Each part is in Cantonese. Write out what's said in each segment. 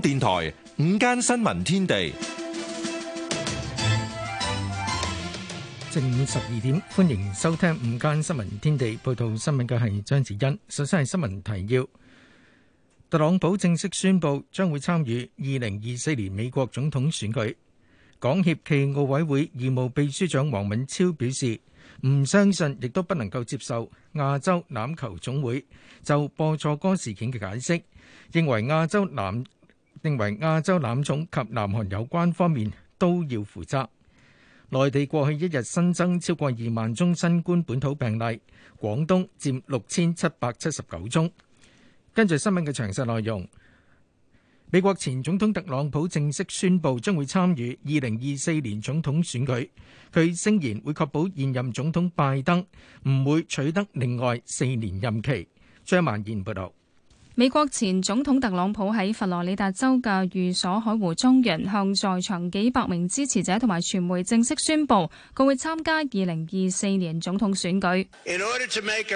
電台午間新聞天地正午十二點，歡迎收聽午間新聞天地。報道新聞嘅係張子欣。首先係新聞提要：特朗普正式宣布將會參與二零二四年美國總統選舉。港協暨奧委會義務秘書長王敏超表示，唔相信亦都不能夠接受亞洲欖球總會就播錯歌事件嘅解釋，認為亞洲欖。認為亞洲染種及南韓有關方面都要負責。內地過去一日新增超過二萬宗新冠本土病例，廣東佔六千七百七十九宗。跟住新聞嘅詳細內容，美國前總統特朗普正式宣布將會參與二零二四年總統選舉。佢聲言會確保現任總統拜登唔會取得另外四年任期。張曼燕報道。美國前總統特朗普喺佛羅里達州嘅寓所海湖莊園，向在場幾百名支持者同埋傳媒正式宣布，佢會參加二零二四年總統選舉。In order to make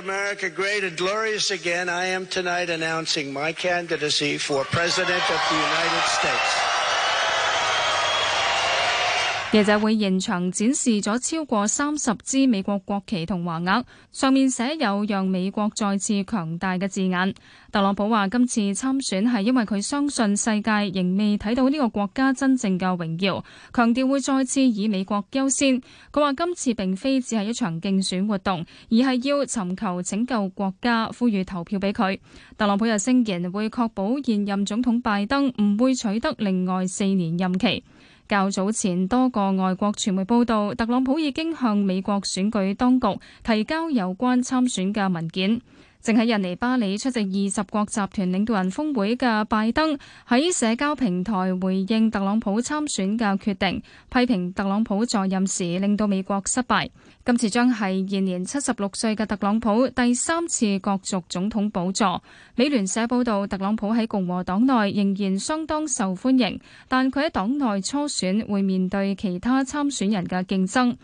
記者會現場展示咗超過三十支美國國旗同華額，上面寫有讓美國再次強大嘅字眼。特朗普話今次參選係因為佢相信世界仍未睇到呢個國家真正嘅榮耀，強調會再次以美國優先。佢話今次並非只係一場競選活動，而係要尋求拯救國家，呼籲投票俾佢。特朗普又聲言會確保現任總統拜登唔會取得另外四年任期。較早前，多個外國傳媒報道，特朗普已經向美國選舉當局提交有關參選嘅文件。正喺印尼巴厘出席二十國集團領導人峰會嘅拜登，喺社交平台回應特朗普參選嘅決定，批評特朗普在任時令到美國失敗。今次將係現年七十六歲嘅特朗普第三次角逐總統寶座。美聯社報道，特朗普喺共和黨內仍然相當受歡迎，但佢喺黨內初選會面對其他參選人嘅競爭。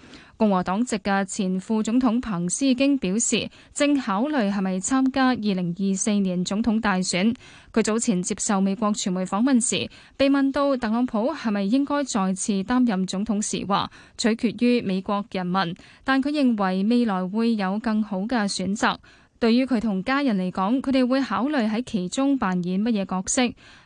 共和黨籍嘅前副總統彭斯已經表示，正考慮係咪參加二零二四年總統大選。佢早前接受美國傳媒訪問時，被問到特朗普係咪應該再次擔任總統時，話取決於美國人民，但佢認為未來會有更好嘅選擇。對於佢同家人嚟講，佢哋會考慮喺其中扮演乜嘢角色。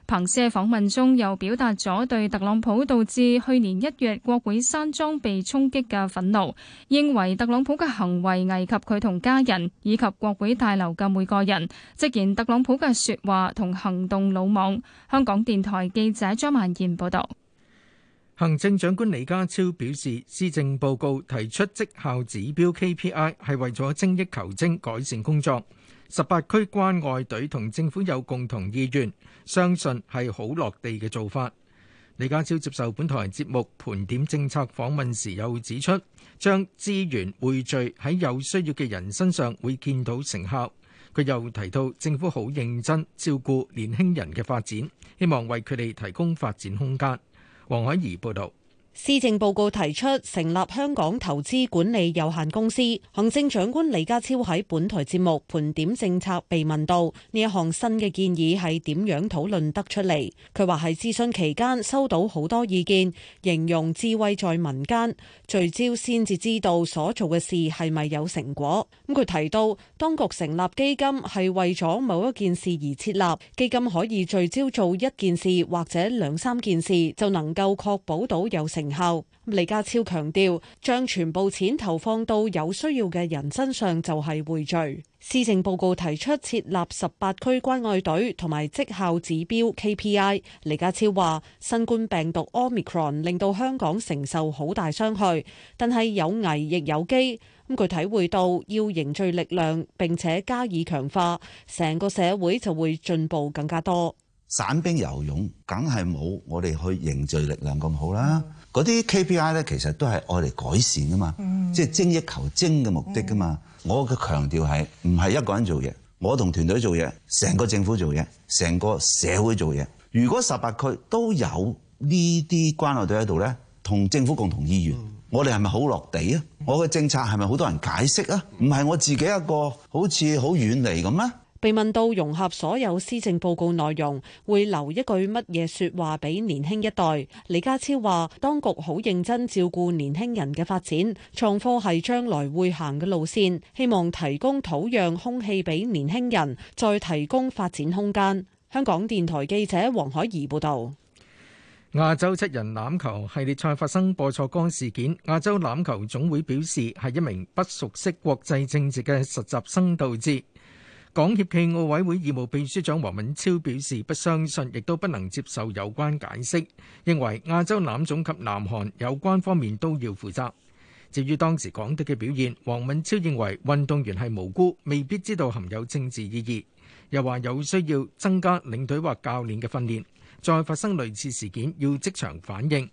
彭斯喺訪問中又表達咗對特朗普導致去年一月國會山莊被衝擊嘅憤怒，認為特朗普嘅行為危及佢同家人以及國會大樓嘅每個人，直言特朗普嘅說話同行動魯莽。香港電台記者張曼燕報道。行政長官李家超表示，施政報告提出績效指標 KPI 係為咗精益求精，改善工作。十八區關愛隊同政府有共同意願，相信係好落地嘅做法。李家超接受本台節目盤點政策訪問時又指出，將資源匯聚喺有需要嘅人身上，會見到成效。佢又提到，政府好認真照顧年輕人嘅發展，希望為佢哋提供發展空間。王海怡報道。施政報告提出成立香港投資管理有限公司。行政長官李家超喺本台節目盤點政策，被問到呢一項新嘅建議係點樣討論得出嚟？佢話係諮詢期間收到好多意見，形容智慧在民間，聚焦先至知道所做嘅事係咪有成果。咁佢提到，當局成立基金係為咗某一件事而設立，基金可以聚焦做一件事或者兩三件事，就能夠確保到有成果。後，李家超強調，將全部錢投放到有需要嘅人身上就係匯聚。施政報告提出設立十八區關愛隊同埋績效指標 KPI。李家超話，新冠病毒 Omicron 令到香港承受好大傷害，但係有危亦有機。咁佢體會到要凝聚力量，並且加以強化，成個社會就會進步更加多。散兵游勇梗係冇我哋去凝聚力量咁好啦。嗰啲 KPI 咧，其實都係愛嚟改善噶嘛、嗯，即係精益求精嘅目的噶嘛、嗯。我嘅強調係唔係一個人做嘢，我同團隊做嘢，成個政府做嘢，成個社會做嘢。如果十八區都有呢啲關愛隊喺度咧，同政府共同意願，我哋係咪好落地啊？我嘅政策係咪好多人解釋啊？唔係，我自己一個好似好遠離咁啊。被問到融合所有施政報告內容，會留一句乜嘢說話俾年輕一代，李家超話，當局好認真照顧年輕人嘅發展，創科係將來會行嘅路線，希望提供土壤空氣俾年輕人，再提供發展空間。香港電台記者黃海怡報導。亞洲七人欖球系列賽發生播錯光事件，亞洲欖球總會表示係一名不熟悉國際政治嘅實習生導致。港協暨奧委會義務秘書長黃敏超表示，不相信亦都不能接受有關解釋，認為亞洲欖總及南韓有關方面都要負責。至於當時港隊嘅表現，黃敏超認為運動員係無辜，未必知道含有政治意義。又話有需要增加領隊或教練嘅訓練，再發生類似事件要即場反應。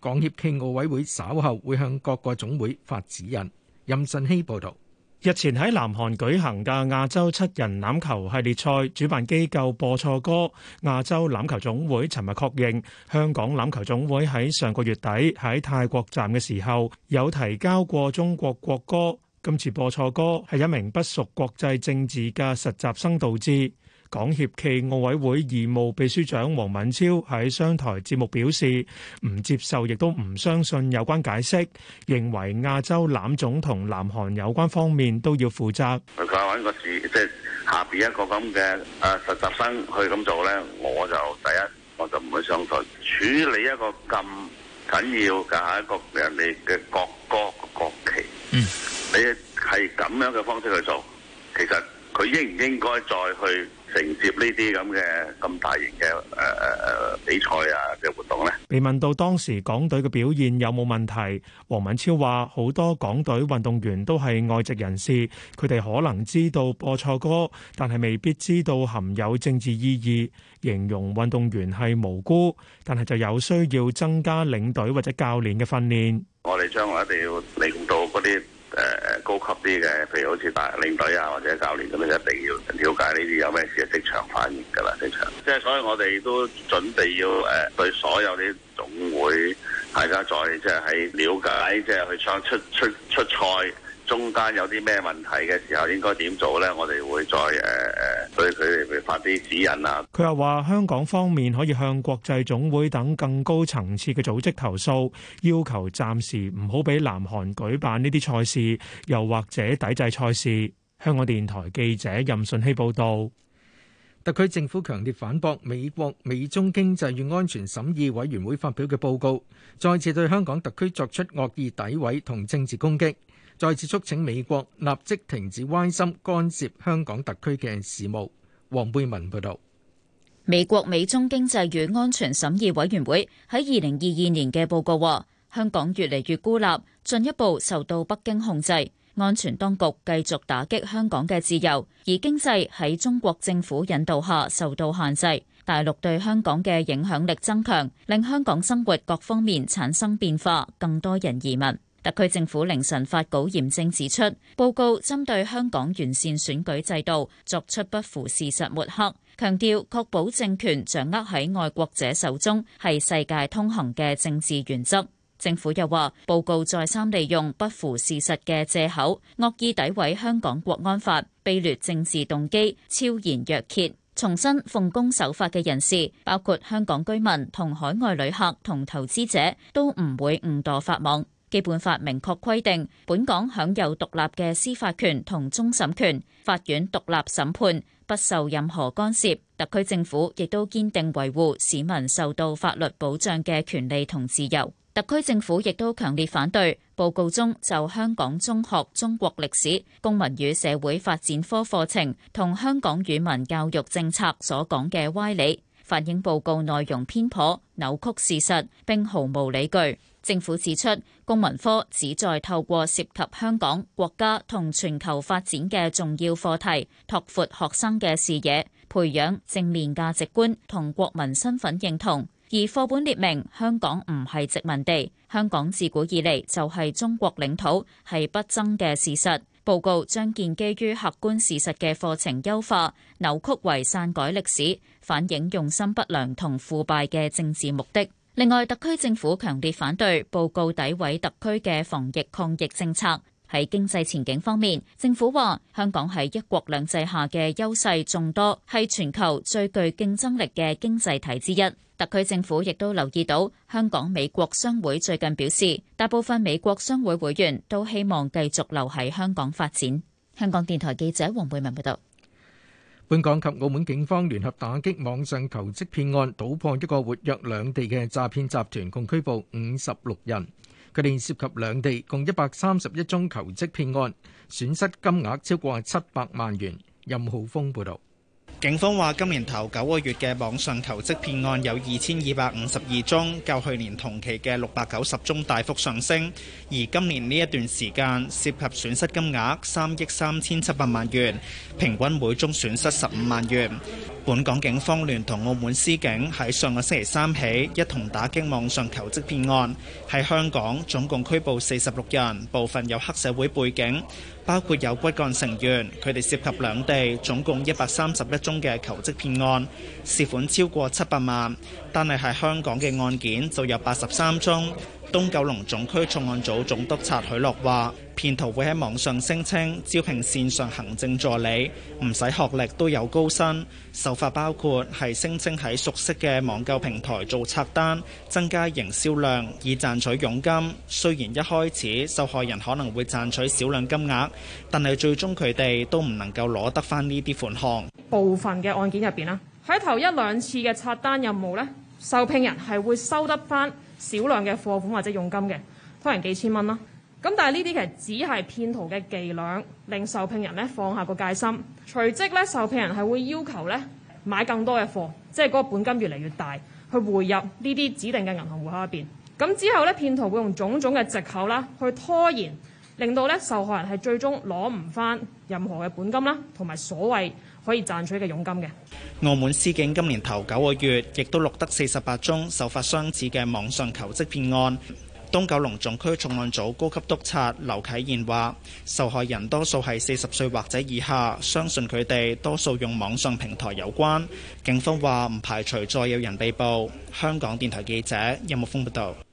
港協暨奧委會稍後會向各個總會發指引。任信希報導。日前喺南韓舉行嘅亞洲七人欖球系列賽，主辦機構播錯歌。亞洲欖球總會尋日確認，香港欖球總會喺上個月底喺泰國站嘅時候，有提交過中國國歌。今次播錯歌係一名不熟國際政治嘅實習生導致。港協暨奧委會義務秘書長黃敏超喺商台節目表示，唔接受亦都唔相信有關解釋，認為亞洲欖總同南韓有關方面都要負責。佢話揾個事，即係下邊一個咁嘅誒實習生去咁做咧，我就第一我就唔會相信。處理一個咁緊要嘅一個人哋嘅國歌國旗，你係咁樣嘅方式去做，其實佢應唔應該再去？承接呢啲咁嘅咁大型嘅誒比賽啊嘅活動咧，被問到當時港隊嘅表現有冇問題，黃敏超話好多港隊運動員都係外籍人士，佢哋可能知道播錯歌，但係未必知道含有政治意義，形容運動員係無辜，但係就有需要增加領隊或者教練嘅訓練。我哋將來一定要令到嗰啲。誒、呃、高級啲嘅，譬如好似大領隊啊，或者教練咁樣，一定要了解呢啲有咩事，即場反應㗎啦，即場。即係所以，我哋都準備要誒、呃、對所有啲總會，大家再即係喺瞭解，即係去想出出出賽。中間有啲咩問題嘅時候，應該點做呢？我哋會再誒誒對佢哋發啲指引啊。佢又話：香港方面可以向國際總會等更高層次嘅組織投訴，要求暫時唔好俾南韓舉辦呢啲賽事，又或者抵制賽事。香港電台記者任信希報導，特區政府強烈反駁美國美中經濟與安全審議委員會發表嘅報告，再次對香港特區作出惡意詆毀同政治攻擊。再次促請美國立即停止歪心干涉香港特區嘅事務。黃貝文報導，美國美中經濟與安全審議委員會喺二零二二年嘅報告話，香港越嚟越孤立，進一步受到北京控制，安全當局繼續打擊香港嘅自由，而經濟喺中國政府引導下受到限制。大陸對香港嘅影響力增強，令香港生活各方面產生變化，更多人移民。特區政府凌晨發稿嚴正指出，報告針對香港完善選舉制度作出不符事實抹黑，強調確保政權掌握喺愛國者手中係世界通行嘅政治原則。政府又話，報告再三利用不符事實嘅借口，惡意詆毀香港國安法，卑劣政治動機，昭然若揭。重申奉公守法嘅人士，包括香港居民、同海外旅客同投資者，都唔會誤墮法網。基本法明確規定，本港享有獨立嘅司法權同終審權，法院獨立審判，不受任何干涉。特區政府亦都堅定維護市民受到法律保障嘅權利同自由。特區政府亦都強烈反對報告中就香港中學中國歷史、公民與社會發展科課程同香港語文教育政策所講嘅歪理，反映報告內容偏頗、扭曲事實，並毫無理據。政府指出，公民科旨在透過涉及香港、國家同全球發展嘅重要課題，拓闊學生嘅視野，培養正面價值觀同國民身份認同。而課本列明，香港唔係殖民地，香港自古以嚟就係中國領土，係不爭嘅事實。報告將建基於客觀事實嘅課程優化扭曲為篡改歷史，反映用心不良同腐敗嘅政治目的。.另外，特區政府強烈反對報告，詆毀特區嘅防疫抗疫政策。喺經濟前景方面，政府話香港喺一國兩制下嘅優勢眾多，係全球最具競爭力嘅經濟體之一。特區政府亦都留意到，香港美國商會最近表示，大部分美國商會會員都希望繼續留喺香港發展。香港電台記者黃貝文報道。本港及澳門警方聯合打擊網上求職騙案，搗破一個活躍兩地嘅詐騙集團，共拘捕五十六人。佢哋涉及兩地共一百三十一宗求職騙案，損失金額超過七百萬元。任浩峰報道。警方話：今年頭九個月嘅網上求職騙案有二千二百五十二宗，較去年同期嘅六百九十宗大幅上升。而今年呢一段時間涉及損失金額三億三千七百萬元，平均每宗損失十五萬元。本港警方聯同澳門司警喺上個星期三起一同打擊網上求職騙案，喺香港總共拘捕四十六人，部分有黑社會背景。包括有骨幹成員，佢哋涉及兩地，總共一百三十一宗嘅求職騙案，涉款超過七百萬，但係喺香港嘅案件就有八十三宗。東九龍總區重案組總督察許樂話：騙徒會喺網上聲稱招聘線上行政助理，唔使學歷都有高薪。手法包括係聲稱喺熟悉嘅網購平台做刷單，增加營銷量以賺取佣金。雖然一開始受害人可能會賺取少量金額，但係最終佢哋都唔能夠攞得翻呢啲款項。部分嘅案件入邊啦，喺頭一兩次嘅刷單任務呢，受聘人係會收得翻少量嘅貨款或者佣金嘅，拖人幾千蚊啦。咁但係呢啲其實只係騙徒嘅伎倆，令受騙人咧放下個戒心。隨即咧，受騙人係會要求咧買更多嘅貨，即係嗰個本金越嚟越大，去匯入呢啲指定嘅銀行戶口入邊。咁之後咧，騙徒會用種種嘅藉口啦，去拖延，令到咧受害人係最終攞唔返任何嘅本金啦，同埋所謂。可以賺取嘅佣金嘅。澳門司警今年頭九個月，亦都錄得四十八宗手法相似嘅網上求職騙案。東九龍總區重案組高級督察劉啟賢話：受害人多數係四十歲或者以下，相信佢哋多數用網上平台有關。警方話唔排除再有人被捕。香港電台記者任木峯報道。有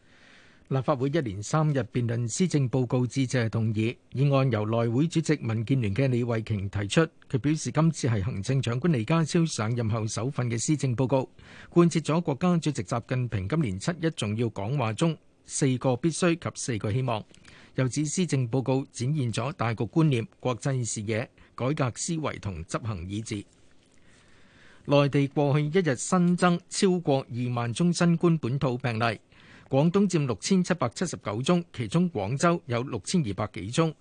立法會一連三日辯論施政報告，致謝同意議案，由內會主席民建聯嘅李慧瓊提出。佢表示，今次係行政長官李家超上任後首份嘅施政報告，貫徹咗國家主席習近平今年七一重要講話中四個必須及四個希望。又指施政報告展現咗大局觀念、國際視野、改革思維同執行意志。內地過去一日新增超過二萬宗新冠本土病例。廣東佔六千七百七十九宗，其中廣州有六千二百幾宗。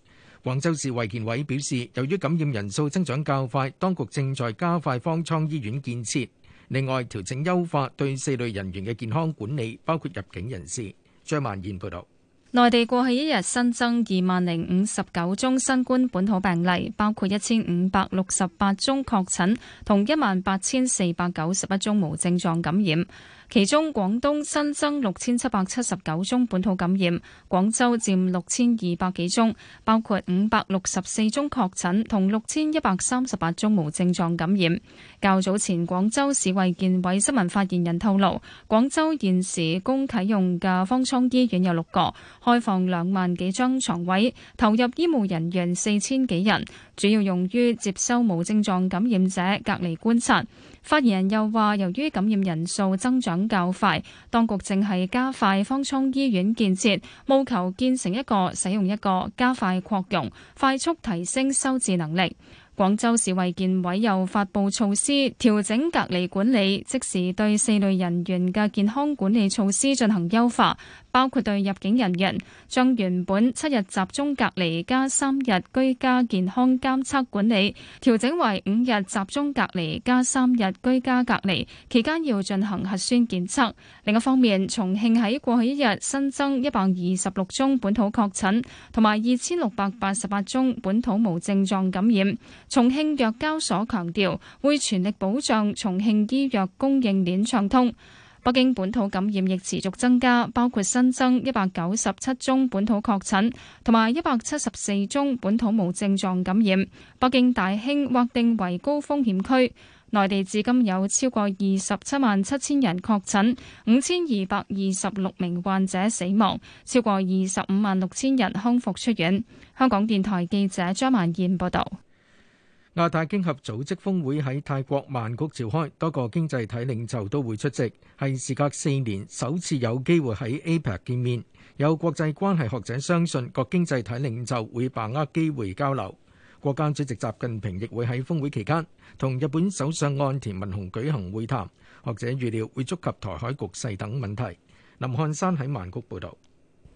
廣州市衛健委表示，由於感染人數增長較快，當局正在加快方艙醫院建設。另外，調整優化對四類人員嘅健康管理，包括入境人士。張萬燕報導。內地過去一日新增二萬零五十九宗新冠本土病例，包括一千五百六十八宗確診，同一萬八千四百九十一宗無症狀感染。其中廣東新增六千七百七十九宗本土感染，廣州佔六千二百幾宗，包括五百六十四宗確診同六千一百三十八宗無症狀感染。較早前廣州市衛健委新聞發言人透露，廣州現時供啟用嘅方艙醫院有六個，開放兩萬幾張床位，投入醫務人員四千幾人。主要用於接收無症狀感染者隔離觀察。發言人又話，由於感染人數增長較快，當局正係加快方艙醫院建設，務求建成一個、使用一個，加快擴容，快速提升收治能力。廣州市衛健委又發佈措施，調整隔離管理，即時對四類人員嘅健康管理措施進行優化，包括對入境人員，將原本七日集中隔離加三日居家健康監測管理，調整為五日集中隔離加三日居家隔離，期間要進行核酸檢測。另一方面，重慶喺過去一日新增一百二十六宗本土確診，同埋二千六百八十八宗本土無症狀感染。重慶藥交所強調會全力保障重慶醫藥供應鏈暢通。北京本土感染亦持續增加，包括新增一百九十七宗本土確診，同埋一百七十四宗本土無症狀感染。北京大興劃定為高風險區。內地至今有超過二十七萬七千人確診，五千二百二十六名患者死亡，超過二十五萬六千人康復出院。香港電台記者張曼燕報道。亞太經合組織峰會喺泰國曼谷召開，多個經濟體領袖都會出席，係時隔四年首次有機會喺 APEC 見面。有國際關係學者相信，各經濟體領袖會把握機會交流。國家主席習近平亦會喺峰會期間同日本首相岸田文雄舉行會談，學者預料會觸及台海局勢等問題。林漢山喺曼谷報道。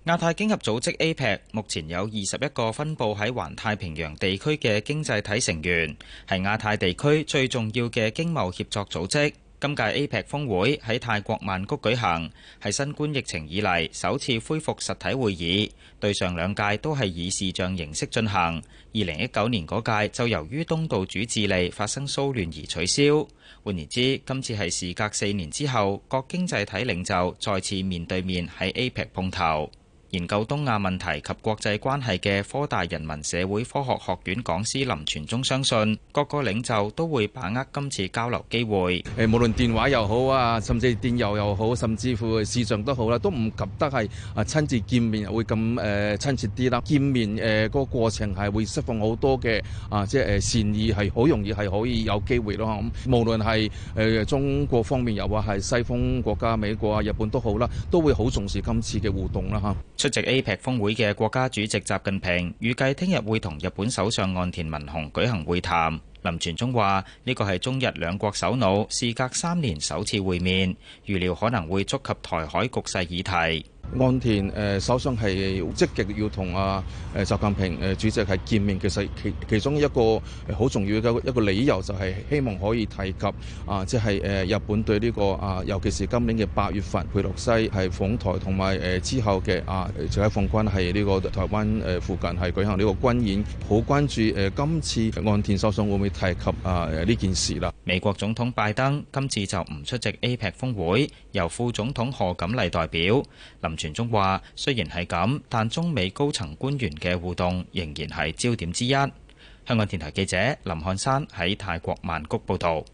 亞太經合組織 APEC 目前有二十一個分佈喺環太平洋地區嘅經濟體成員，係亞太地區最重要嘅經貿協作組織。今屆 APEC 峰會喺泰國曼谷舉行，係新冠疫情以嚟首次恢復實體會議，對上兩屆都係以視像形式進行。二零一九年嗰屆就由於東道主智利發生騷亂而取消。換言之，今次係時隔四年之後，各經濟體領袖再次面對面喺 APEC 碰頭。研究東亞問題及國際關係嘅科大人文社會科學學院講師林全忠相信，各個領袖都會把握今次交流機會，無論電話又好啊，甚至電郵又好，甚至乎視像都好啦，都唔及得係啊親自見面會咁誒親切啲啦。見面誒個過程係會釋放好多嘅啊，即係善意係好容易係可以有機會咯。咁無論係誒中國方面又或係西方國家美國啊、日本都好啦，都會好重視今次嘅互動啦。吓。出席 APEC 峰會嘅國家主席習近平預計聽日會同日本首相岸田文雄舉行會談。林傳忠話：呢個係中日兩國首腦事隔三年首次會面，預料可能會觸及台海局勢議題。岸田誒首相係積極要同啊誒習近平誒主席係見面，其實其其中一個好重要嘅一個理由就係希望可以提及啊，即係誒日本對呢個啊，尤其是今年嘅八月份佩洛西係訪台，同埋誒之後嘅啊，即係解放軍喺呢個台灣誒附近係舉行呢個軍演，好關注誒今次岸田首相會唔會提及啊誒呢件事啦。美國總統拜登今次就唔出席 APEC 峯會，由副總統賀錦麗代表林。傳中話，雖然係咁，但中美高層官員嘅互動仍然係焦點之一。香港電台記者林漢山喺泰國曼谷報道。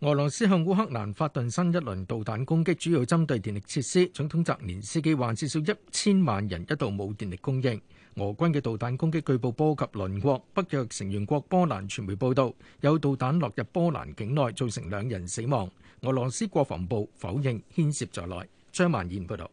俄羅斯向烏克蘭發動新一輪導彈攻擊，主要針對電力設施。總統澤連斯基話，至少一千萬人一度冇電力供應。俄軍嘅導彈攻擊據報波及鄰國北約成員國波蘭。傳媒報道有導彈落入波蘭境內，造成兩人死亡。俄羅斯國防部否認牽涉在內。張曼燕報道。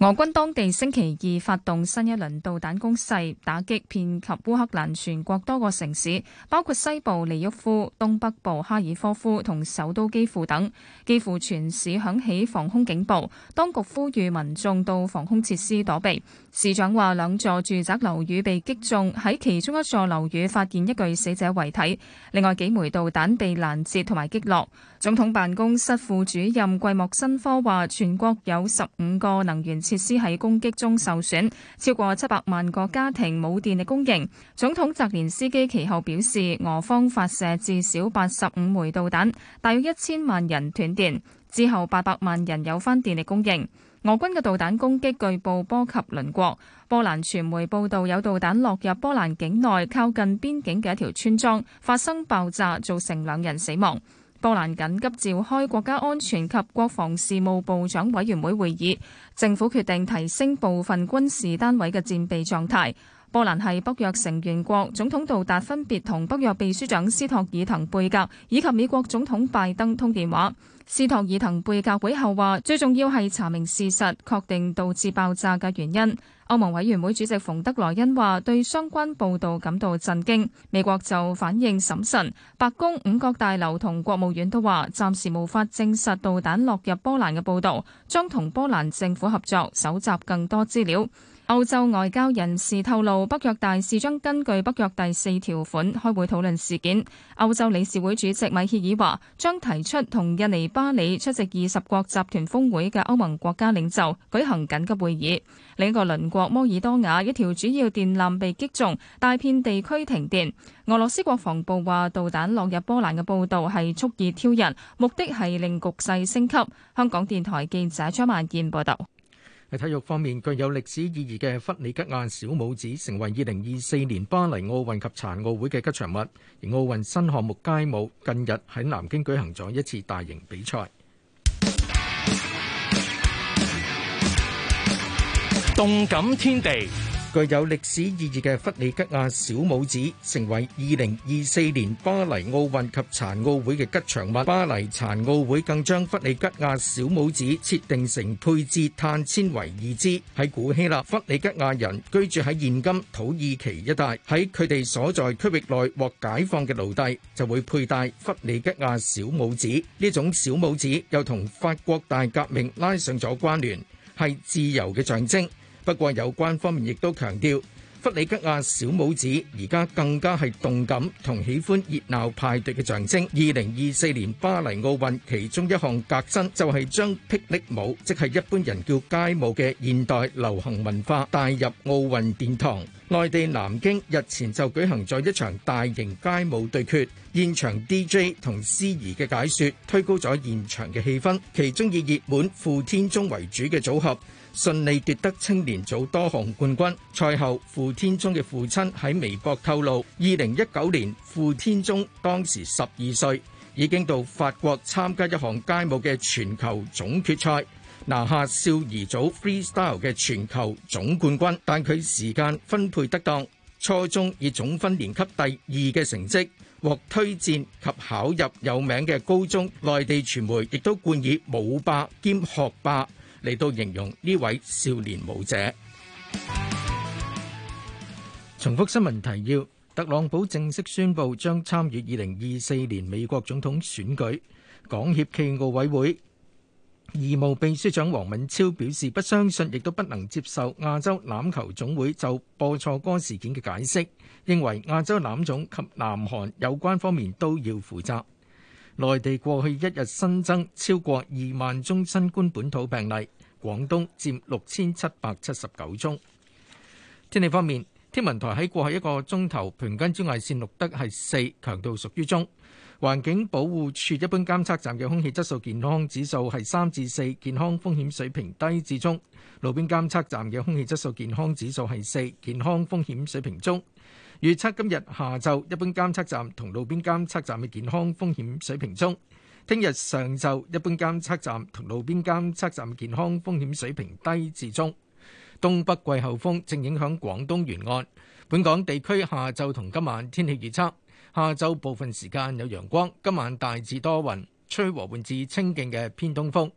俄軍當地星期二發動新一輪導彈攻勢，打擊遍及烏克蘭全國多個城市，包括西部利沃夫、東北部哈爾科夫同首都基輔等，幾乎全市響起防空警報，當局呼籲民眾到防空設施躲避。市長話兩座住宅樓宇被擊中，喺其中一座樓宇發現一具死者遺體。另外幾枚導彈被攔截同埋擊落。總統辦公室副主任季莫申科話，全國有十五個能源設施喺攻擊中受損，超過七百萬個家庭冇電力供應。總統澤連斯基其後表示，俄方發射至少八十五枚導彈，大約一千萬人斷電，之後八百萬人有翻電力供應。俄軍嘅導彈攻擊據報波及鄰國。波蘭傳媒報導有導彈落入波蘭境內，靠近邊境嘅一條村莊發生爆炸，造成兩人死亡。波蘭緊急召開國家安全及國防事務部長委員會會議，政府決定提升部分軍事單位嘅戰備狀態。波蘭係北約成員國，總統杜達分別同北約秘書長斯托爾滕貝格以及美國總統拜登通電話。斯托爾滕貝格會後話，最重要係查明事實，確定導致爆炸嘅原因。歐盟委員會主席馮德萊恩話，對相關報道感到震驚。美國就反應審慎，白宮、五角大樓同國務院都話，暫時無法證實導彈落入波蘭嘅報道，將同波蘭政府合作搜集更多資料。歐洲外交人士透露，北約大使將根據北約第四條款，開會討論事件。歐洲理事會主席米歇爾話將提出同印尼巴里出席二十國集團峰會嘅歐盟國家領袖舉行緊急會議。另一個鄰國摩爾多瓦一條主要電纜被擊中，大片地區停電。俄羅斯國防部話，導彈落入波蘭嘅報道係蓄意挑釁，目的係令局勢升級。香港電台記者張萬健報道。喺體育方面，具有歷史意義嘅弗里吉亞小拇指成為二零二四年巴黎奧運及殘奧會嘅吉祥物。而奧運新項目街舞近日喺南京舉行咗一次大型比賽。動感天地。具有歷史意義嘅弗里吉亞小拇指，成為2024年巴黎奧運及殘奧會嘅吉祥物。巴黎殘奧會更將弗里吉亞小拇指設定成配置碳纖維義肢。喺古希臘弗里吉亞人居住喺現今土耳其一帶，喺佢哋所在區域內獲解放嘅奴隸，就會佩戴弗里吉亞小拇指。呢種小拇指又同法國大革命拉上咗關聯，係自由嘅象徵。不過有關方面亦都強調，弗里吉亞小拇指而家更加係動感同喜歡熱鬧派對嘅象徵。二零二四年巴黎奧運其中一項革新就係將霹靂舞，即係一般人叫街舞嘅現代流行文化帶入奧運殿堂。內地南京日前就舉行咗一場大型街舞對決，現場 DJ 同司儀嘅解說推高咗現場嘅氣氛，其中以熱門付天宗為主嘅組合。順利奪得青年組多項冠軍。賽後，傅天中嘅父親喺微博透露，二零一九年傅天中當時十二歲，已經到法國參加一項街舞嘅全球總決賽，拿下少兒組 freestyle 嘅全球總冠軍。但佢時間分配得當，初中以總分年級第二嘅成績獲推薦及考入有名嘅高中。內地傳媒亦都冠以舞霸兼學霸。嚟到形容呢位少年舞者。重複新聞提要：特朗普正式宣布將參與二零二四年美國總統選舉。港協暨奧委會義務秘書長黃敏超表示，不相信亦都不能接受亞洲欖球總會就播錯歌事件嘅解釋，認為亞洲欖總及南韓有關方面都要負責。內地過去一日新增超過二萬宗新冠本土病例，廣東佔六千七百七十九宗。天氣方面，天文台喺過去一個鐘頭平均紫外線錄得係四，強度屬於中。環境保護署一般監測站嘅空氣質素健康指數係三至四，健康風險水平低至中。路邊監測站嘅空氣質素健康指數係四，健康風險水平中。預測今日下晝一般監測站同路邊監測站嘅健康風險水平中，聽日上晝一般監測站同路邊監測站健康風險水平低至中。東北季候風正影響廣東沿岸，本港地區下晝同今晚天氣預測：下晝部分時間有陽光，今晚大致多雲，吹和緩至清勁嘅偏東風。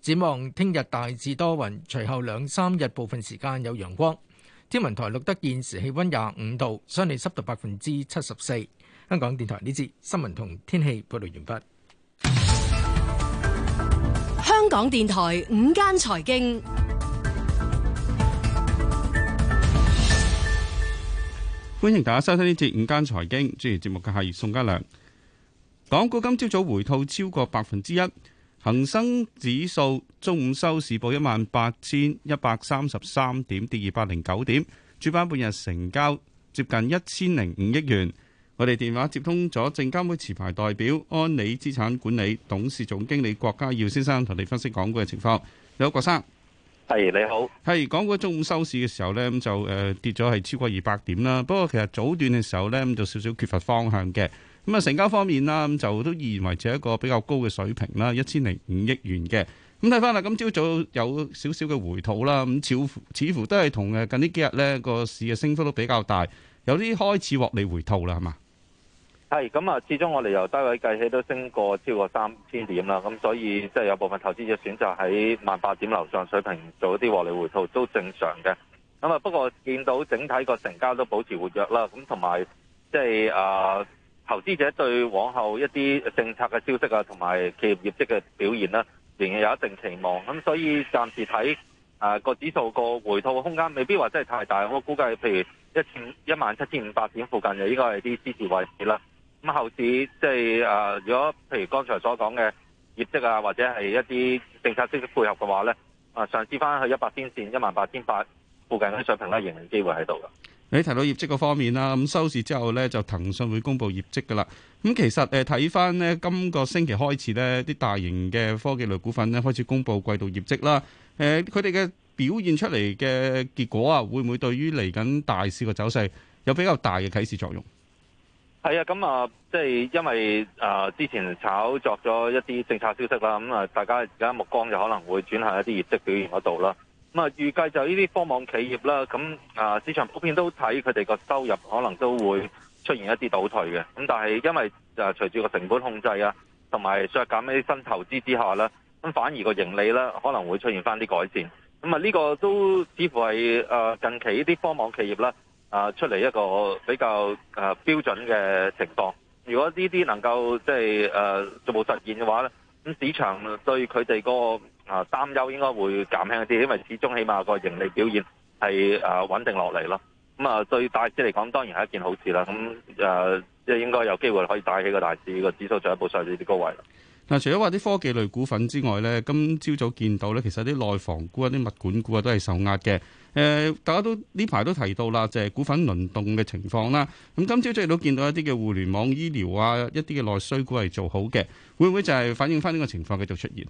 展望聽日大致多雲，隨後兩三日部分時間有陽光。天文台錄得現時氣溫廿五度，相對濕度百分之七十四。香港電台呢節新聞同天氣報道完畢。香港電台午間財經，歡迎大家收聽呢節午間財經。主持節目嘅係宋家良。港股今朝早回吐超過百分之一。恒生指數中午收市報一萬八千一百三十三點，跌二百零九點。主板半日成交接近一千零五億元。我哋電話接通咗證監會持牌代表安理資產管理董事總經理郭家耀先生，同你分析港股嘅情況。郭生，係你好，係。港股中午收市嘅時候呢，咁就誒、呃、跌咗係超過二百點啦。不過其實早段嘅時候呢，咁就少少缺乏方向嘅。咁啊，成交方面啦，咁就都依然維持一個比較高嘅水平啦，1, 05, 000, 000元看看有一千零五億元嘅。咁睇翻啦，今朝早有少少嘅回吐啦，咁似乎似乎都係同誒近呢幾日咧個市嘅升幅都比較大，有啲開始獲利回吐啦，係嘛？係。咁啊，始終我哋由低位計起都升過超過三千點啦，咁所以即係、就是、有部分投資者選擇喺萬八點樓上水平做一啲獲利回吐都正常嘅。咁啊，不過見到整體個成交都保持活躍啦，咁同埋即係啊。投資者對往後一啲政策嘅消息啊，同埋企業業績嘅表現啦、啊，仍然有一定期望。咁所以暫時睇啊，個指數個回吐嘅空間未必話真係太大。我估計譬如一千一萬七千五百點附近就應該係啲支持位置啦。咁後市即係啊，如果譬如剛才所講嘅業績啊，或者係一啲政策消息配合嘅話咧，啊，嘗試翻去一百天線一萬八千八附近嘅水平咧，仍然機會喺度㗎。你提到業績嗰方面啦，咁收市之後呢，就騰訊會公布業績㗎喇。咁其實誒睇返呢，今個星期開始呢啲大型嘅科技類股份呢，開始公布季度業績啦。誒，佢哋嘅表現出嚟嘅結果啊，會唔會對於嚟緊大市嘅走勢有比較大嘅啟示作用？係啊，咁啊，即係因為啊，之前炒作咗一啲政策消息啦，咁啊，大家而家目光就可能會轉向一啲業績表現嗰度啦。咁啊，預計就呢啲科網企業啦，咁啊，市場普遍都睇佢哋個收入可能都會出現一啲倒退嘅，咁但係因為就隨住個成本控制啊，同埋削減一啲新投資之下咧，咁反而個盈利咧可能會出現翻啲改善。咁啊，呢個都似乎係誒近期呢啲科網企業啦，啊出嚟一個比較誒標準嘅情況。如果呢啲能夠即係誒逐步實現嘅話咧，咁市場對佢哋個啊，擔憂應該會減輕一啲，因為始終起碼個盈利表現係啊穩定落嚟咯。咁啊，對大市嚟講，當然係一件好事啦。咁誒，即係應該有機會可以帶起個大市個指數進一步上啲啲高位。嗱，除咗話啲科技類股份之外咧，今朝早見到咧，其實啲內房股、一啲物管股啊，都係受壓嘅。誒，大家都呢排都提到啦，就係股份輪動嘅情況啦。咁今朝早都見到一啲嘅互聯網、醫療啊，一啲嘅內需股係做好嘅，會唔會就係反映翻呢個情況繼續出現？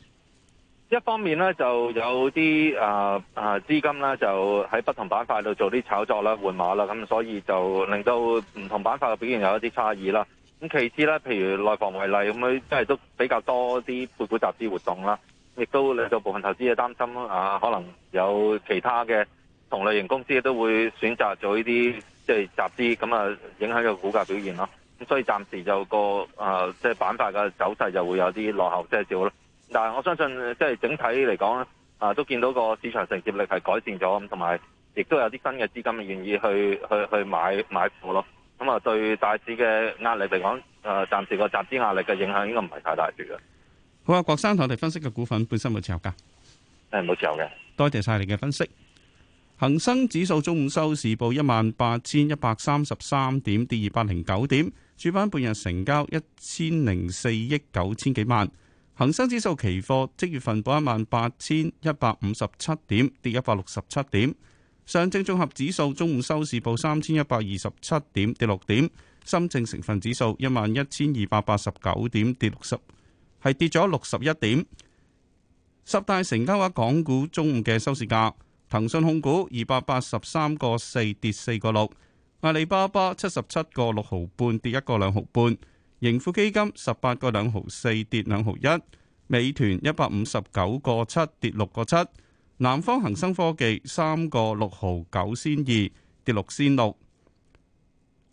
一方面咧就有啲啊啊資金啦，就喺不同板塊度做啲炒作啦、換碼啦，咁所以就令到唔同板塊嘅表現有一啲差異啦。咁其次咧，譬如內房為例，咁樣即係都比較多啲配股集資活動啦，亦都令到部分投資者擔心啊，可能有其他嘅同類型公司都會選擇做呢啲即係集資，咁啊影響個股價表現咯。咁所以暫時就個啊即係、就是、板塊嘅走勢就會有啲落後些少咯。嗱，我相信即係整體嚟講，啊都見到個市場承接力係改善咗，咁同埋亦都有啲新嘅資金願意去去去買買股咯。咁啊，對大市嘅壓力嚟講，誒，暫時個集資壓力嘅影響應該唔係太大住嘅。好啊，郭生同我哋分析嘅股份本身冇持有噶？誒，冇持有嘅。多謝晒你嘅分析。恒生指數中午收市報一萬八千一百三十三點，跌二百零九點。主板半日成交一千零四億九千幾萬。恒生指數期貨即月份報一萬八千一百五十七點，跌一百六十七點。上證綜合指數中午收市報三千一百二十七點，跌六點。深證成分指數一萬一千二百八十九點，跌六十，係跌咗六十一點。十大成交額港股中午嘅收市價，騰訊控股二百八十三個四，跌四個六。阿里巴巴七十七個六毫半，跌一個兩毫半。盈富基金十八個兩毫四跌兩毫一，美團一百五十九個七跌六個七，南方恒生科技三個六毫九仙二跌六仙六，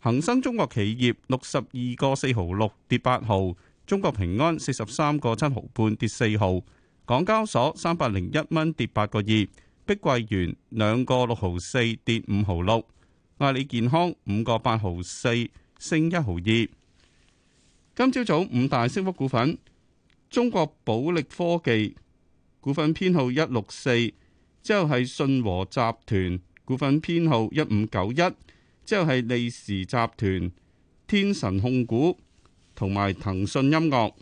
恒生中國企業六十二個四毫六跌八毫，中國平安四十三個七毫半跌四毫，港交所三百零一蚊跌八個二，碧桂園兩個六毫四跌五毫六，阿里健康五個八毫四升一毫二。今朝早,早五大升幅股份：中國寶力科技股份編號一六四，之後係信和集團股份編號一五九一，之後係利時集團、天神控股同埋騰訊音樂。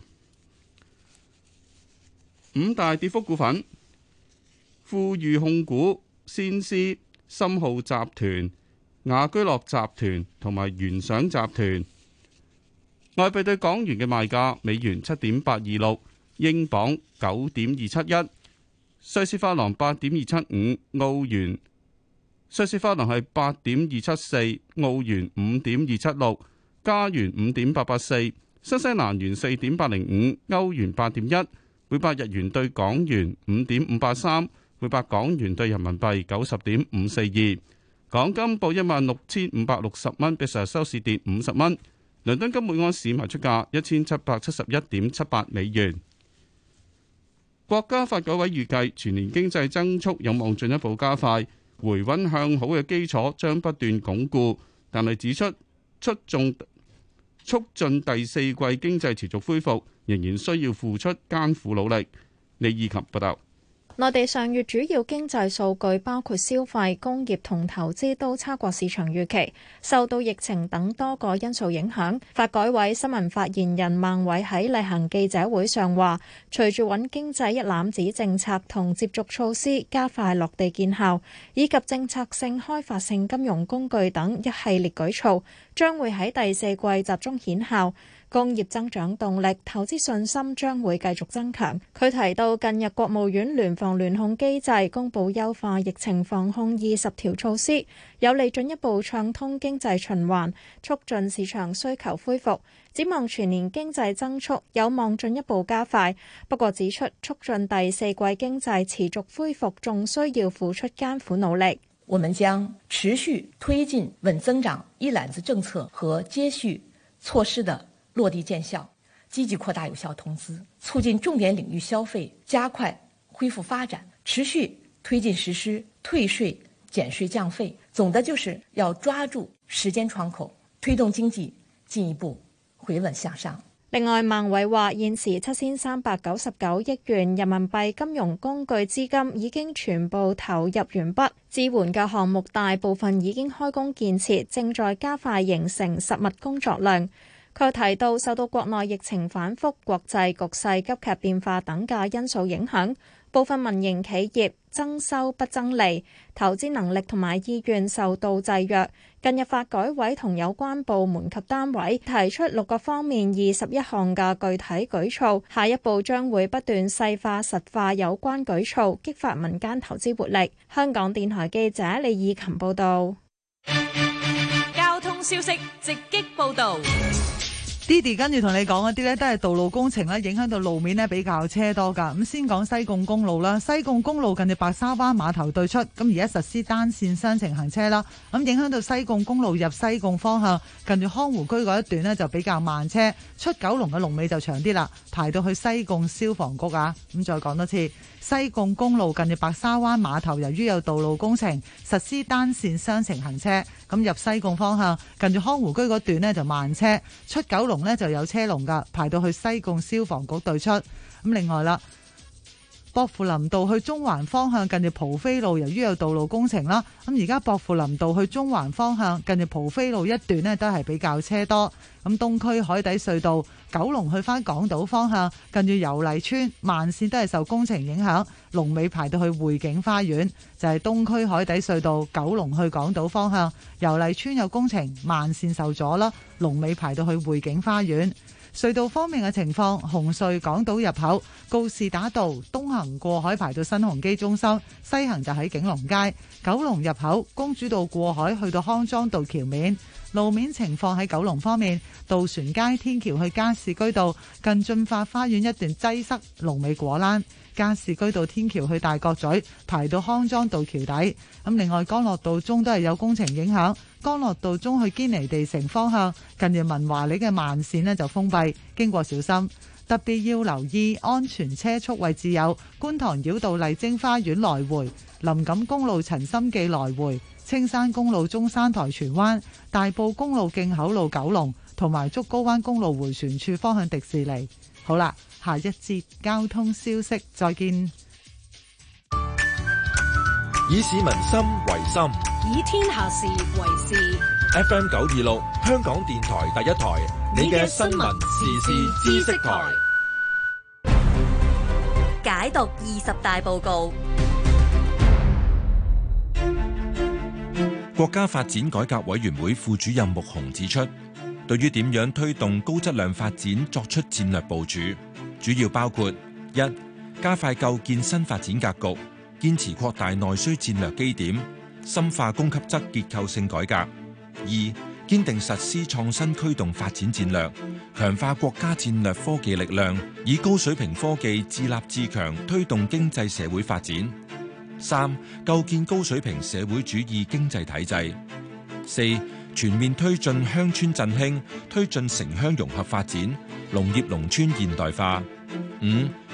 五大跌幅股份：富裕控股、先施、深浩集團、雅居樂集團同埋元想集團。外幣對港元嘅賣價：美元七點八二六，英鎊九點二七一，瑞士法郎八點二七五，澳元，瑞士法郎係八點二七四，澳元五點二七六，加元五點八八四，新西蘭元四點八零五，歐元八點一，每百日元對港元五點五八三，每百港元對人民幣九十點五四二。港金報一萬六千五百六十蚊，比上日收市跌五十蚊。倫敦金每安士賣出價一千七百七十一點七八美元。國家發改委預計全年經濟增速有望進一步加快，回溫向好嘅基礎將不斷鞏固，但係指出出重促進第四季經濟持續恢復仍然需要付出艱苦努力。李意及報道。內地上月主要經濟數據包括消費、工業同投資都差過市場預期，受到疫情等多個因素影響。發改委新聞發言人孟偉喺例行記者會上話：隨住穩經濟一攬子政策同接續措施加快落地見效，以及政策性開發性金融工具等一系列舉措，將會喺第四季集中顯效。工業增長動力、投資信心將會繼續增強。佢提到近日國務院聯防聯控機制公佈優化疫情防控二十條措施，有利進一步暢通經濟循環，促進市場需求恢復。展望全年經濟增速有望進一步加快，不過指出促進第四季經濟持續恢復，仲需要付出艱苦努力。我們將持續推進穩增長一攬子政策和接續措施的落地見效，積極擴大有效投資，促進重點領域消費，加快恢復發展，持續推進實施退稅、減稅、降費。總的就是要抓住時間窗口，推動經濟進一步回穩向上。另外，孟偉話，現時七千三百九十九億元人民幣金融工具資金已經全部投入完畢，支援嘅項目大部分已經開工建設，正在加快形成實物工作量。佢提到，受到國內疫情反覆、國際局勢急劇變化等嘅因素影響，部分民營企業增收不增利，投資能力同埋意願受到制約。近日，發改委同有關部門及單位提出六個方面二十一項嘅具體舉措，下一步將會不斷細化實化有關舉措，激發民間投資活力。香港電台記者李以琴報道。交通消息直擊報導。Didi 跟住同你講嗰啲咧，都係道路工程咧，影響到路面咧比較車多噶。咁先講西貢公路啦，西貢公路近住白沙灣碼頭對出，咁而家實施單線雙程行車啦，咁影響到西貢公路入西貢方向近住康湖區，嗰一段呢就比較慢車，出九龍嘅龍尾就長啲啦，排到去西貢消防局啊。咁再講多次。西貢公路近住白沙灣碼頭，由於有道路工程，實施單線雙程行車。咁入西貢方向，近住康湖居嗰段呢就慢車，出九龍呢就有車龍噶，排到去西貢消防局對出。咁另外啦。薄扶林道去中環方向，近住蒲飛路，由於有道路工程啦，咁而家薄扶林道去中環方向，近住蒲飛路一段呢都係比較車多。咁東區海底隧道九龍去返港島方向，近住油麗邨慢線都係受工程影響，龍尾排到去匯景花園，就係、是、東區海底隧道九龍去港島方向，油麗邨有工程，慢線受阻啦，龍尾排到去匯景花園。隧道方面嘅情況，紅隧港島入口，告士打道東行過海排到新鴻基中心，西行就喺景隆街。九龍入口公主道過海去到康莊道橋面。路面情況，喺九龍方面，渡船街天橋去加士居道近駿發花園一段擠塞，龍尾果欄。加士居道天橋去大角咀，排到康莊道橋底。咁另外，江樂道中都係有工程影響。江樂道中去堅尼地城方向，近日文華里嘅慢線呢就封閉，經過小心。特別要留意安全車速位置有：觀塘繞道麗晶花園來回、林錦公路陳心記來回、青山公路中山台荃灣、大埔公路徑口路九龍同埋竹篙灣公路回旋處方向迪士尼。好啦，下一節交通消息，再見。以市民心為心，以天下事為事。FM 九二六，香港電台第一台，你嘅新聞時事知識台，解讀二十大報告。國家發展改革委員會副主任穆虹指出。對於點樣推動高質量發展作出戰略部署，主要包括：一、加快構建新發展格局，堅持擴大內需戰略基點，深化供給側結構性改革；二、堅定實施創新驅動發展戰略，強化國家戰略科技力量，以高水平科技自立自強推動經濟社會發展；三、構建高水平社會主義經濟體制；四。全面推進鄉村振興，推進城鄉融合發展，農業農村現代化。五、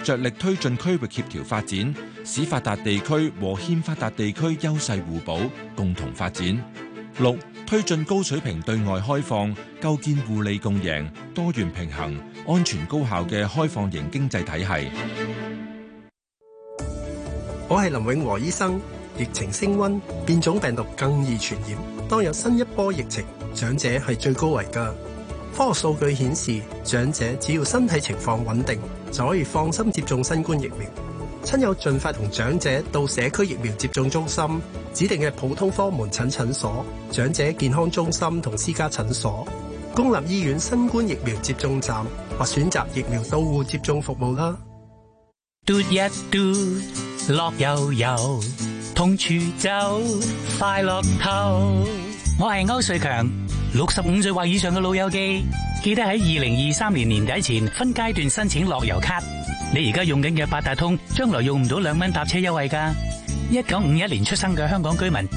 着力推進區域協調發展，使發達地區和欠發達地區優勢互補，共同發展。六、推進高水平對外開放，構建互利共贏、多元平衡、安全高效嘅開放型經濟體系。我係林永和醫生，疫情升温，變種病毒更易傳染。當有新一波疫情，長者係最高危噶。科學數據顯示，長者只要身體情況穩定，就可以放心接種新冠疫苗。親友盡快同長者到社區疫苗接種中心、指定嘅普通科門診診所、長者健康中心同私家診所、公立醫院新冠疫苗接種站或選擇疫苗到戶接種服務啦。嘟一嘟，樂悠悠，同處走，快樂透。我係歐瑞強，六十五歲或以上嘅老友記，記得喺二零二三年年底前分階段申請落游卡。你而家用緊嘅八達通，將來用唔到兩蚊搭車優惠㗎。一九五一年出生嘅香港居民。